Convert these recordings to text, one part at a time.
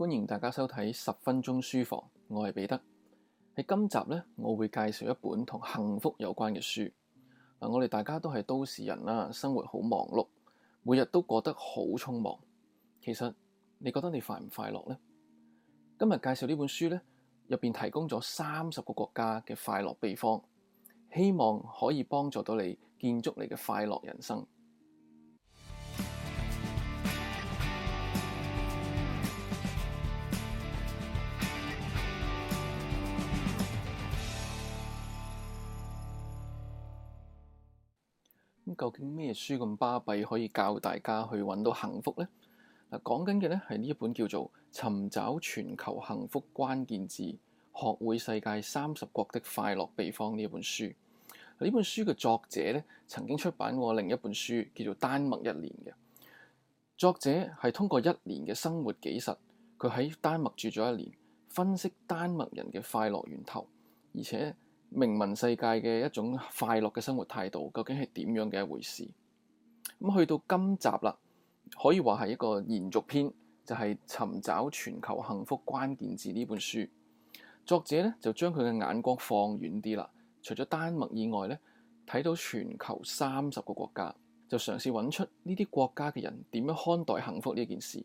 歡迎大家收睇《十分鐘書房》，我係彼得，喺今集咧，我會介紹一本同幸福有關嘅書。啊、我哋大家都係都市人啦，生活好忙碌，每日都過得好匆忙。其實你覺得你快唔快樂呢？今日介紹呢本書咧，入邊提供咗三十個國家嘅快樂秘方，希望可以幫助到你建築你嘅快樂人生。究竟咩書咁巴閉可以教大家去揾到幸福呢？嗱，講緊嘅呢係呢一本叫做《尋找全球幸福關鍵字：學會世界三十國的快樂秘方》呢一本書。呢本書嘅作者呢，曾經出版過另一本書，叫做《丹麥一年》嘅。作者係通過一年嘅生活紀實，佢喺丹麥住咗一年，分析丹麥人嘅快樂源頭，而且。明文世界嘅一種快樂嘅生活態度，究竟係點樣嘅一回事？咁去到今集啦，可以話係一個延續篇，就係尋找全球幸福關鍵字呢本書作者咧，就將佢嘅眼光放遠啲啦，除咗丹麥以外咧，睇到全球三十個國家，就嘗試揾出呢啲國家嘅人點樣看待幸福呢件事，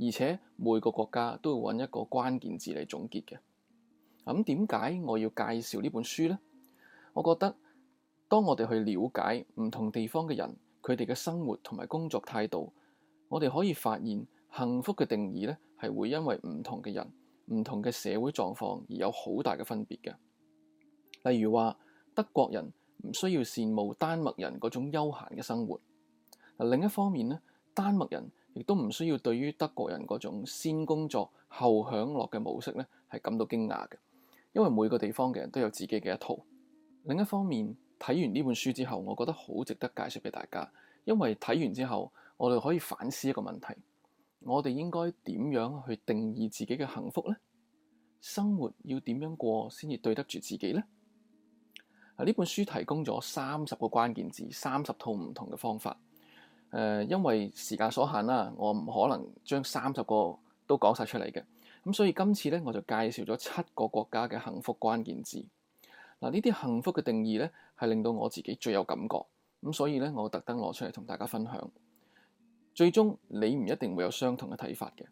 而且每個國家都要揾一個關鍵字嚟總結嘅。咁點解我要介紹呢本書呢？我覺得當我哋去了解唔同地方嘅人佢哋嘅生活同埋工作態度，我哋可以發現幸福嘅定義咧係會因為唔同嘅人、唔同嘅社會狀況而有好大嘅分別嘅。例如話，德國人唔需要羨慕丹麥人嗰種悠閒嘅生活。另一方面咧，丹麥人亦都唔需要對於德國人嗰種先工作後享樂嘅模式咧係感到驚訝嘅。因為每個地方嘅人都有自己嘅一套。另一方面，睇完呢本書之後，我覺得好值得介紹畀大家。因為睇完之後，我哋可以反思一個問題：我哋應該點樣去定義自己嘅幸福咧？生活要點樣過先至對得住自己咧？呢本書提供咗三十個關鍵字，三十套唔同嘅方法。誒、呃，因為時間所限啦，我唔可能將三十個都講晒出嚟嘅。咁所以今次咧，我就介紹咗七個國家嘅幸福關鍵字嗱。呢啲幸福嘅定義咧，係令到我自己最有感覺。咁，所以咧，我特登攞出嚟同大家分享。最終，你唔一定會有相同嘅睇法嘅。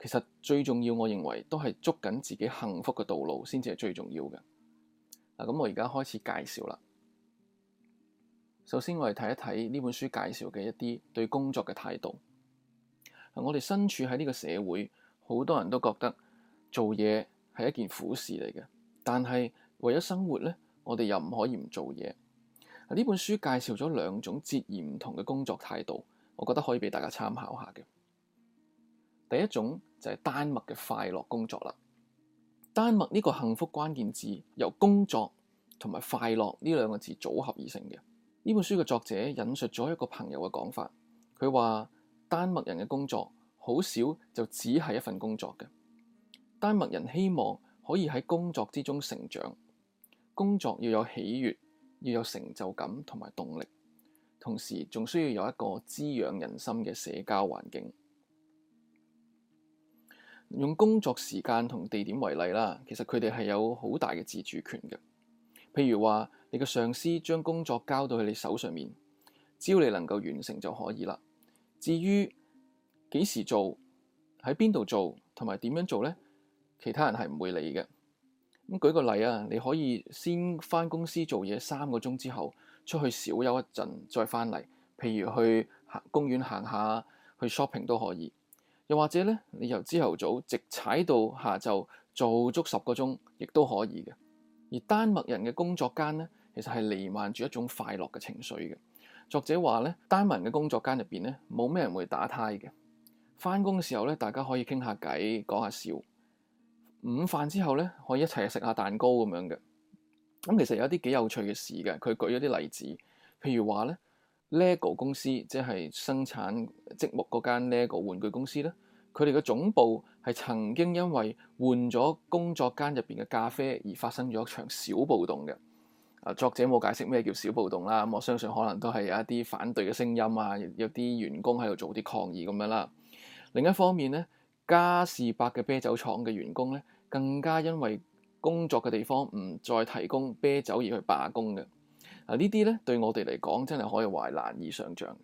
其實最重要，我認為都係捉緊自己幸福嘅道路先至係最重要嘅嗱。咁我而家開始介紹啦。首先我哋睇一睇呢本書介紹嘅一啲對工作嘅態度。我哋身處喺呢個社會。好多人都覺得做嘢係一件苦事嚟嘅，但係為咗生活咧，我哋又唔可以唔做嘢。呢本書介紹咗兩種截然唔同嘅工作態度，我覺得可以俾大家參考下嘅。第一種就係丹麥嘅快樂工作啦。丹麥呢個幸福關鍵字由工作同埋快樂呢兩個字組合而成嘅。呢本書嘅作者引述咗一個朋友嘅講法，佢話丹麥人嘅工作，好少就只係一份工作嘅。丹麥人希望可以喺工作之中成長，工作要有喜悅，要有成就感同埋動力，同時仲需要有一個滋養人心嘅社交環境。用工作時間同地點為例啦，其實佢哋係有好大嘅自主權嘅。譬如話你嘅上司將工作交到去你手上面，只要你能夠完成就可以啦。至於幾時做，喺邊度做，同埋點樣做咧？其他人係唔會理嘅。咁舉個例啊，你可以先翻公司做嘢三個鐘，之後出去小休一陣，再翻嚟，譬如去行公園，行下去 shopping 都可以。又或者咧，你由朝頭早直踩到下晝做足十個鐘，亦都可以嘅。而丹麥人嘅工作間咧，其實係瀰漫住一種快樂嘅情緒嘅。作者話咧，丹麥人嘅工作間入邊咧冇咩人會打呔嘅。返工嘅時候咧，大家可以傾下偈，講下笑。午飯之後咧，可以一齊食下蛋糕咁樣嘅。咁其實有啲幾有趣嘅事嘅。佢舉咗啲例子，譬如話咧，LEGO 公司即係生產積木嗰間 LEGO 玩具公司咧，佢哋嘅總部係曾經因為換咗工作間入邊嘅咖啡而發生咗一場小暴動嘅。啊，作者冇解釋咩叫小暴動啦。咁我相信可能都係有一啲反對嘅聲音啊，有啲員工喺度做啲抗議咁樣啦。另一方面呢，嘉士伯嘅啤酒廠嘅員工呢，更加因為工作嘅地方唔再提供啤酒而去罷工嘅。嗱，呢啲呢，對我哋嚟講真係可以話難以想像。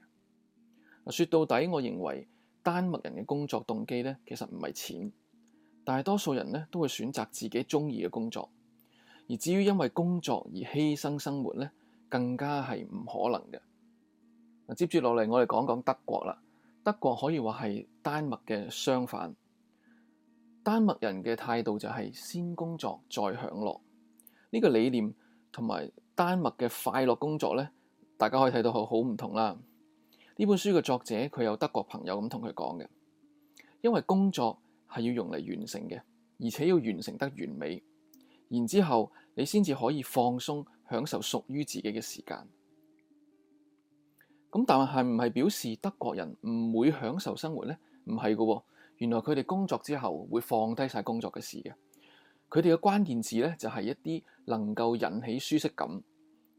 說到底，我認為丹麥人嘅工作動機呢，其實唔係錢，大多數人呢，都會選擇自己鍾意嘅工作。而至於因為工作而犧牲生活呢，更加係唔可能嘅。接住落嚟，我哋講講德國啦。德國可以話係丹麥嘅相反，丹麥人嘅態度就係先工作再享樂，呢個理念同埋丹麥嘅快樂工作咧，大家可以睇到好好唔同啦。呢本書嘅作者佢有德國朋友咁同佢講嘅，因為工作係要用嚟完成嘅，而且要完成得完美，然之後你先至可以放鬆享受屬於自己嘅時間。咁但係係唔係表示德國人唔會享受生活咧？唔係嘅喎，原來佢哋工作之後會放低晒工作嘅事嘅。佢哋嘅關鍵字咧就係、是、一啲能夠引起舒適感、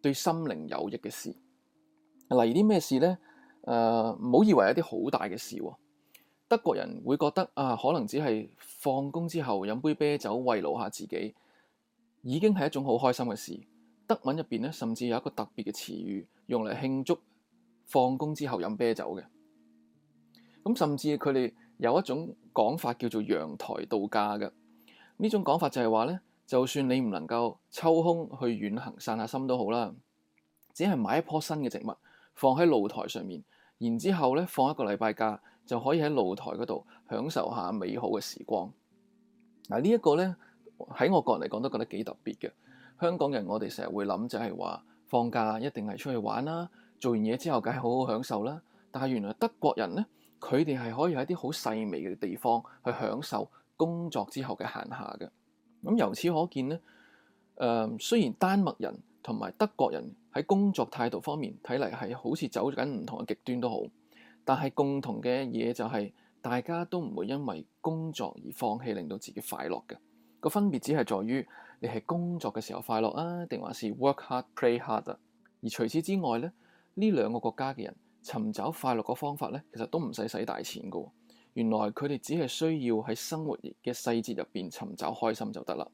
對心靈有益嘅事。例如啲咩事咧？誒唔好以為一啲好大嘅事喎、哦。德國人會覺得啊，可能只係放工之後飲杯啤酒慰勞下自己，已經係一種好開心嘅事。德文入邊咧，甚至有一個特別嘅詞語用嚟慶祝。放工之後飲啤酒嘅，咁甚至佢哋有一種講法叫做陽台度假嘅。呢種講法就係話咧，就算你唔能夠抽空去遠行散下心都好啦，只係買一樖新嘅植物放喺露台上面，然之後咧放一個禮拜假就可以喺露台嗰度享受下美好嘅時光。嗱、這個、呢一個咧喺我個人嚟講都覺得幾特別嘅。香港人我哋成日會諗就係話放假一定係出去玩啦。做完嘢之後，梗係好好享受啦。但係原來德國人咧，佢哋係可以喺啲好細微嘅地方去享受工作之後嘅閒暇嘅。咁由此可見咧，誒、呃、雖然丹麥人同埋德國人喺工作態度方面睇嚟係好似走緊唔同嘅極端都好，但係共同嘅嘢就係、是、大家都唔會因為工作而放棄令到自己快樂嘅。個分別只係在於你係工作嘅時候快樂啊，定還是 work hard play hard 啊？而除此之外咧。呢兩個國家嘅人尋找快樂嘅方法咧，其實都唔使使大錢㗎。原來佢哋只係需要喺生活嘅細節入邊尋找開心就得啦。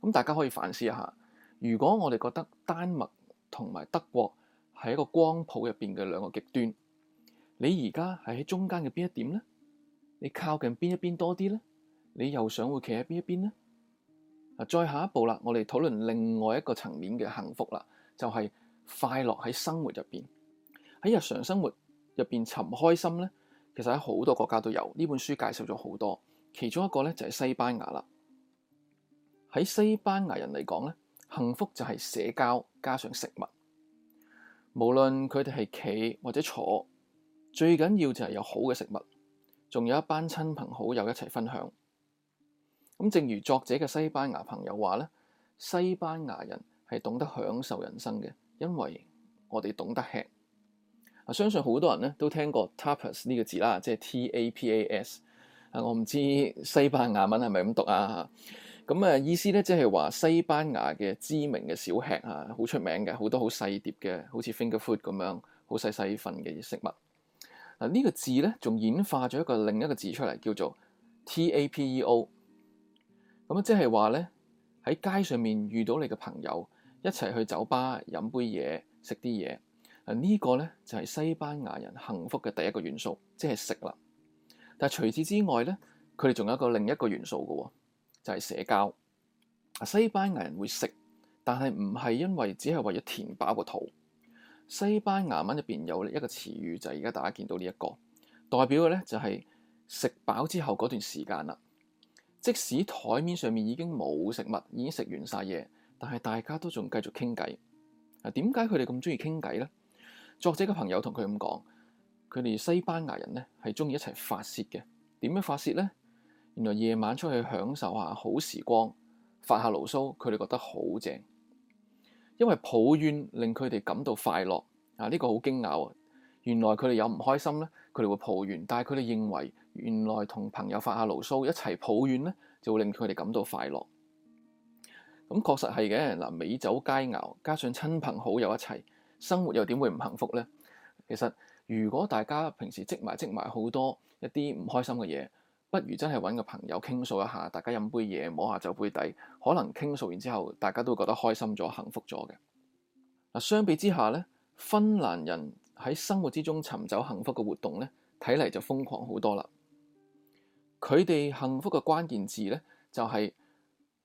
咁、嗯、大家可以反思一下，如果我哋覺得丹麥同埋德國係一個光譜入邊嘅兩個極端，你而家係喺中間嘅邊一點咧？你靠近邊一邊多啲咧？你又想會企喺邊一邊咧？啊，再下一步啦，我哋討論另外一個層面嘅幸福啦，就係、是。快樂喺生活入邊，喺日常生活入邊尋開心咧。其實喺好多國家都有。呢本書介紹咗好多，其中一個咧就係西班牙啦。喺西班牙人嚟講咧，幸福就係社交加上食物，無論佢哋係企或者坐，最緊要就係有好嘅食物，仲有一班親朋好友一齊分享。咁正如作者嘅西班牙朋友話咧，西班牙人係懂得享受人生嘅。因為我哋懂得吃啊，相信好多人咧都聽過 tapas 呢個字啦，即係 t a p a s 啊。我唔知西班牙文係咪咁讀啊？咁啊意思咧，即係話西班牙嘅知名嘅小吃啊，好出名嘅，好多好細碟嘅，好似 finger food 咁樣，好細細份嘅食物。嗱、這、呢個字咧，仲演化咗一個另一個字出嚟，叫做 t a p e o。咁即係話咧喺街上面遇到你嘅朋友。一齊去酒吧飲杯嘢，食啲嘢。啊、這個，呢個咧就係、是、西班牙人幸福嘅第一個元素，即係食啦。但係除此之外咧，佢哋仲有一個另一個元素嘅喎，就係、是、社交。西班牙人會食，但係唔係因為只係為咗填飽個肚。西班牙文入邊有一個詞語，就係而家大家見到呢、這、一個，代表嘅咧就係、是、食飽之後嗰段時間啦。即使檯面上面已經冇食物，已經食完晒嘢。但係大家都仲繼續傾偈，啊，點解佢哋咁鍾意傾偈咧？作者嘅朋友同佢咁講，佢哋西班牙人咧係鍾意一齊發泄嘅。點樣發泄咧？原來夜晚出去享受下好時光，發下牢騷，佢哋覺得好正。因為抱怨令佢哋感到快樂，啊，呢個好驚訝啊！原來佢哋有唔開心咧，佢哋會抱怨，但係佢哋認為原來同朋友發下牢騷，一齊抱怨咧，就會令佢哋感到快樂。咁確實係嘅，嗱，美酒佳肴加上親朋好友一齊，生活又點會唔幸福咧？其實如果大家平時積埋積埋好多一啲唔開心嘅嘢，不如真係揾個朋友傾訴一下，大家飲杯嘢摸下酒杯底，可能傾訴完之後，大家都覺得開心咗、幸福咗嘅。嗱，相比之下咧，芬蘭人喺生活之中尋找幸福嘅活動咧，睇嚟就瘋狂好多啦。佢哋幸福嘅關鍵字咧，就係。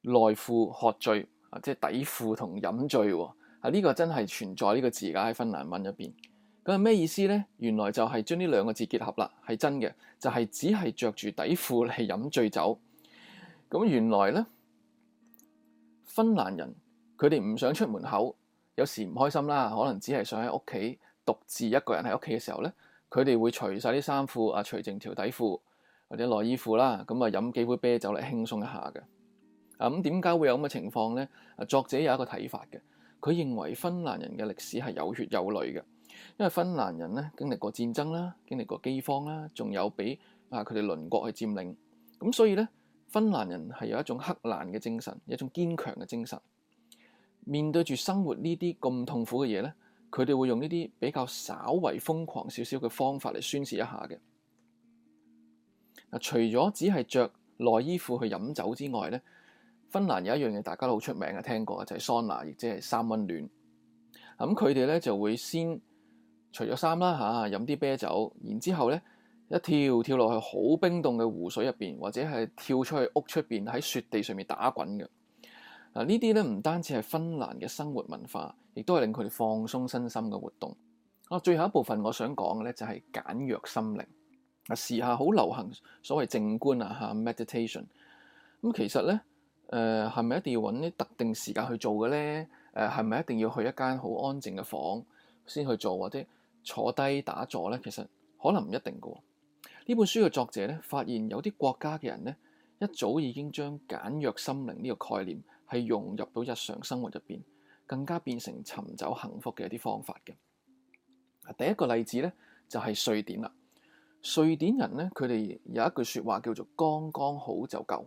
內褲喝醉啊，即係底褲同飲醉喎。呢、啊呢個真係存在呢個字㗎喺芬蘭文入邊。咁係咩意思咧？原來就係將呢兩個字結合啦，係真嘅，就係、是、只係着住底褲嚟飲醉酒。咁、啊、原來咧，芬蘭人佢哋唔想出門口，有時唔開心啦，可能只係想喺屋企獨自一個人喺屋企嘅時候咧，佢哋會除晒啲衫褲啊，除剩條底褲或者內衣褲啦，咁啊飲、嗯、幾杯啤酒嚟輕鬆一下嘅。啊咁點解會有咁嘅情況呢？啊，作者有一個睇法嘅，佢認為芬蘭人嘅歷史係有血有淚嘅，因為芬蘭人咧經歷過戰爭啦，經歷過饑荒啦，仲有畀啊佢哋鄰國去佔領，咁所以咧芬蘭人係有一種克難嘅精神，一種堅強嘅精神，面對住生活呢啲咁痛苦嘅嘢咧，佢哋會用呢啲比較稍為瘋狂少少嘅方法嚟宣泄一下嘅。啊，除咗只係着內衣褲去飲酒之外咧。芬蘭有一樣嘢，大家都好出名嘅，聽過就係桑拿，亦即係三温暖。咁佢哋咧就會先除咗衫啦，吓飲啲啤酒，然之後咧一跳跳落去好冰凍嘅湖水入邊，或者係跳出去屋出邊喺雪地上面打滾嘅嗱。呢啲咧唔單止係芬蘭嘅生活文化，亦都係令佢哋放鬆身心嘅活動啊。最後一部分我想講嘅咧就係簡約心靈啊。時下好流行所謂靜觀啊吓 meditation 咁，其實咧。誒係咪一定要揾啲特定時間去做嘅咧？誒係咪一定要去一間好安靜嘅房先去做，或者坐低打坐咧？其實可能唔一定嘅喎。呢本書嘅作者咧，發現有啲國家嘅人咧，一早已經將簡約心靈呢個概念係融入到日常生活入邊，更加變成尋找幸福嘅一啲方法嘅。第一個例子咧就係瑞典啦。瑞典人咧，佢哋有一句説話叫做「剛剛好就夠」。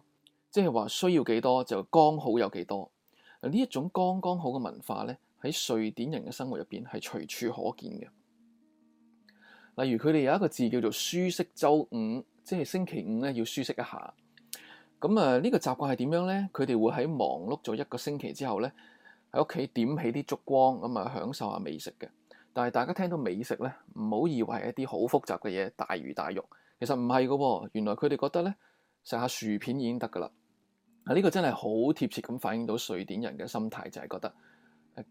即係話需要幾多就剛好有幾多。呢一種剛剛好嘅文化咧，喺瑞典人嘅生活入邊係隨處可見嘅。例如佢哋有一個字叫做舒適週五，即係星期五咧要舒適一下。咁、嗯、啊、這個、呢個習慣係點樣咧？佢哋會喺忙碌咗一個星期之後咧，喺屋企點起啲燭光咁啊，享受下美食嘅。但係大家聽到美食咧，唔好以為係一啲好複雜嘅嘢，大魚大肉。其實唔係噶喎，原來佢哋覺得咧食下薯片，已經得噶啦。嗱，呢個真係好貼切咁反映到瑞典人嘅心態，就係覺得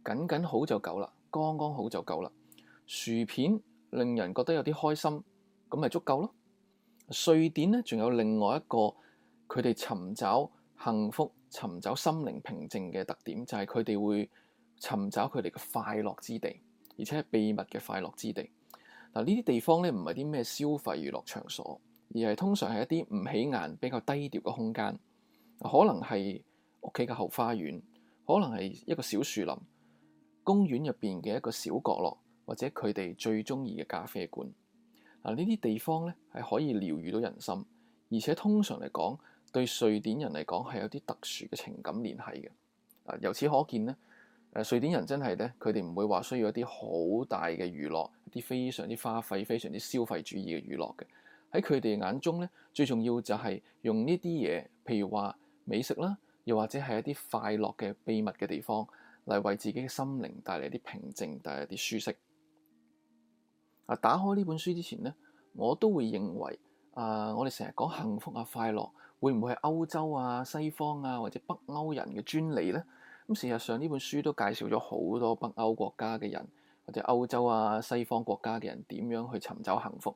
僅僅好就夠啦，剛剛好就夠啦。薯片令人覺得有啲開心，咁咪足夠咯。瑞典咧，仲有另外一個佢哋尋找幸福、尋找心靈平靜嘅特點，就係佢哋會尋找佢哋嘅快樂之地，而且係秘密嘅快樂之地。嗱，呢啲地方咧，唔係啲咩消費娛樂場所，而係通常係一啲唔起眼、比較低調嘅空間。可能係屋企嘅後花園，可能係一個小樹林、公園入邊嘅一個小角落，或者佢哋最鍾意嘅咖啡館。嗱，呢啲地方咧係可以療癒到人心，而且通常嚟講，對瑞典人嚟講係有啲特殊嘅情感聯繫嘅。啊，由此可見咧，誒瑞典人真係咧，佢哋唔會話需要一啲好大嘅娛樂，一啲非常之花費、非常之消費主義嘅娛樂嘅。喺佢哋眼中咧，最重要就係用呢啲嘢，譬如話，美食啦，又或者係一啲快樂嘅秘密嘅地方，嚟為自己嘅心靈帶嚟一啲平靜，帶嚟一啲舒適。啊！打開呢本書之前呢，我都會認為啊、呃，我哋成日講幸福啊、快樂，會唔會係歐洲啊、西方啊或者北歐人嘅專利咧？咁事實上，呢本書都介紹咗好多北歐國家嘅人或者歐洲啊、西方國家嘅人點樣去尋找幸福。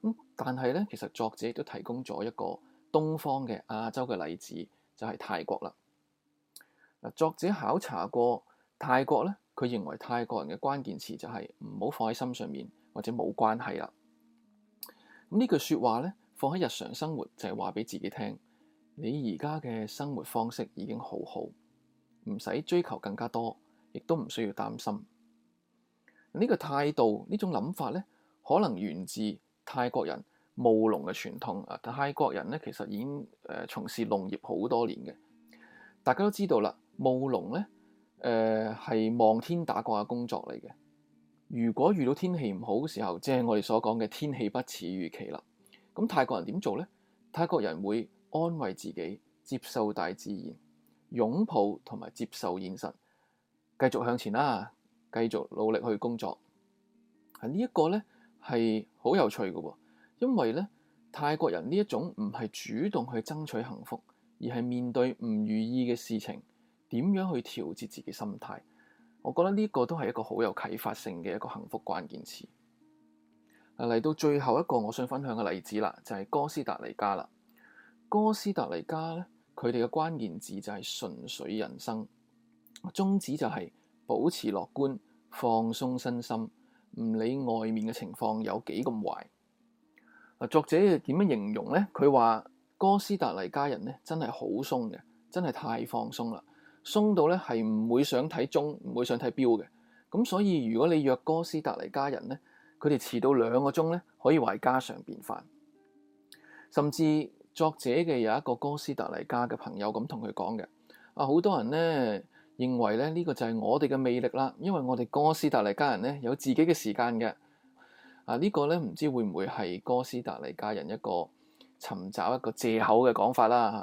咁但係咧，其實作者都提供咗一個東方嘅亞洲嘅例子。就係泰國啦。嗱，作者考察過泰國咧，佢認為泰國人嘅關鍵詞就係唔好放喺心上面，或者冇關係啦。咁呢句説話咧，放喺日常生活就係話俾自己聽：你而家嘅生活方式已經好好，唔使追求更加多，亦都唔需要擔心。呢個態度，種呢種諗法咧，可能源自泰國人。務農嘅傳統啊，泰國人咧其實已經誒從、呃、事農業好多年嘅。大家都知道啦，務農咧誒係望天打卦嘅工作嚟嘅。如果遇到天氣唔好嘅時候，即係我哋所講嘅天氣不似預期啦。咁泰國人點做咧？泰國人會安慰自己，接受大自然，擁抱同埋接受現實，繼續向前啦，繼續努力去工作。係、啊這個、呢一個咧，係好有趣嘅喎、哦。因為咧，泰國人呢一種唔係主動去爭取幸福，而係面對唔如意嘅事情，點樣去調節自己心態？我覺得呢個都係一個好有啟發性嘅一個幸福關鍵詞。嚟到最後一個，我想分享嘅例子啦，就係哥斯達黎加啦。哥斯達黎加咧，佢哋嘅關鍵字就係純粹人生，宗旨就係保持樂觀、放鬆身心，唔理外面嘅情況有幾咁壞。作者又點樣形容咧？佢話哥斯達黎加人咧，真係好鬆嘅，真係太放鬆啦，鬆到咧，係唔會想睇鐘，唔會想睇表嘅。咁所以如果你約哥斯達黎加人咧，佢哋遲到兩個鐘咧，可以話係家常便飯。甚至作者嘅有一個哥斯達黎加嘅朋友咁同佢講嘅，啊，好多人咧，認為咧，呢個就係我哋嘅魅力啦，因為我哋哥斯達黎加人咧有自己嘅時間嘅。啊！這個、呢個咧，唔知會唔會係哥斯達黎加人一個尋找一個藉口嘅講法啦嚇。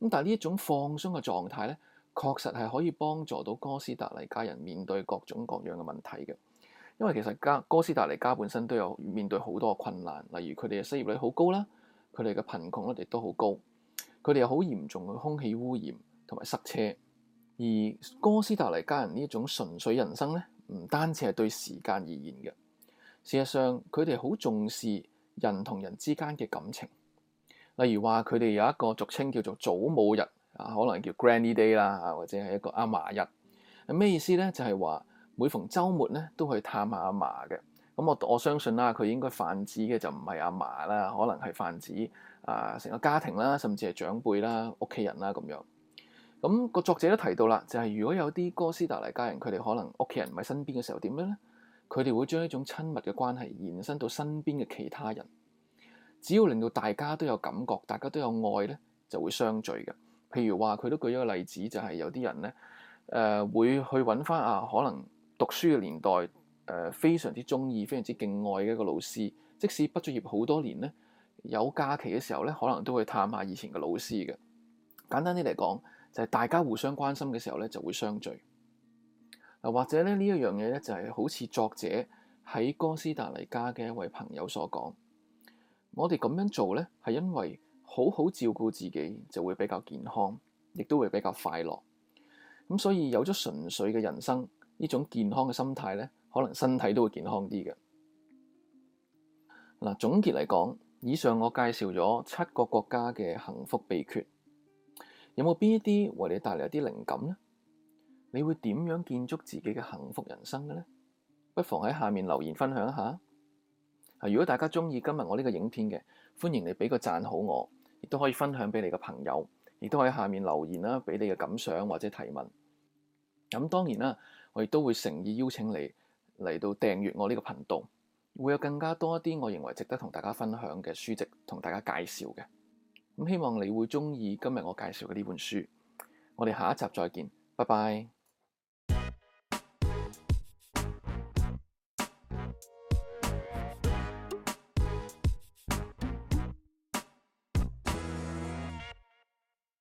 咁、啊、但係呢一種放鬆嘅狀態咧，確實係可以幫助到哥斯達黎加人面對各種各樣嘅問題嘅。因為其實加哥斯達黎加本身都有面對好多嘅困難，例如佢哋嘅失業率好高啦，佢哋嘅貧窮率亦都好高，佢哋有好嚴重嘅空氣污染同埋塞車。而哥斯達黎加人呢一種純粹人生咧，唔單止係對時間而言嘅。事實上，佢哋好重視人同人之間嘅感情。例如話，佢哋有一個俗稱叫做祖母日啊，可能叫 Granny Day 啦，或者係一個阿嫲日。咩意思呢？就係話每逢週末咧，都去探下阿嫲嘅。咁我我相信啦，佢應該泛指嘅就唔係阿嫲啦，可能係泛指啊成個家庭啦，甚至係長輩啦、屋企人啦咁樣。咁個作者都提到啦，就係如果有啲哥斯達黎加人，佢哋可能屋企人唔喺身邊嘅時候，點樣呢？佢哋會將呢種親密嘅關係延伸到身邊嘅其他人，只要令到大家都有感覺，大家都有愛咧，就會相聚嘅。譬如話，佢都舉咗個例子，就係、是、有啲人咧，誒、呃、會去揾翻啊，可能讀書嘅年代，誒非常之中意、非常之敬愛嘅一個老師，即使畢咗業好多年咧，有假期嘅時候咧，可能都會探下以前嘅老師嘅。簡單啲嚟講，就係、是、大家互相關心嘅時候咧，就會相聚。嗱，或者呢一樣嘢咧，就係好似作者喺哥斯達黎加嘅一位朋友所講，我哋咁樣做咧，係因為好好照顧自己就會比較健康，亦都會比較快樂。咁所以有咗純粹嘅人生，呢種健康嘅心態咧，可能身體都會健康啲嘅。嗱，總結嚟講，以上我介紹咗七個國家嘅幸福秘訣，有冇邊一啲為你帶嚟一啲靈感咧？你會點樣建築自己嘅幸福人生嘅呢？不妨喺下面留言分享一下。如果大家鍾意今日我呢個影片嘅，歡迎你俾個讚好我，亦都可以分享俾你嘅朋友，亦都可以喺下面留言啦，俾你嘅感想或者提問。咁當然啦，我亦都會誠意邀請你嚟到訂閱我呢個頻道，會有更加多一啲我認為值得同大家分享嘅書籍同大家介紹嘅。咁希望你會鍾意今日我介紹嘅呢本書。我哋下一集再見，拜拜。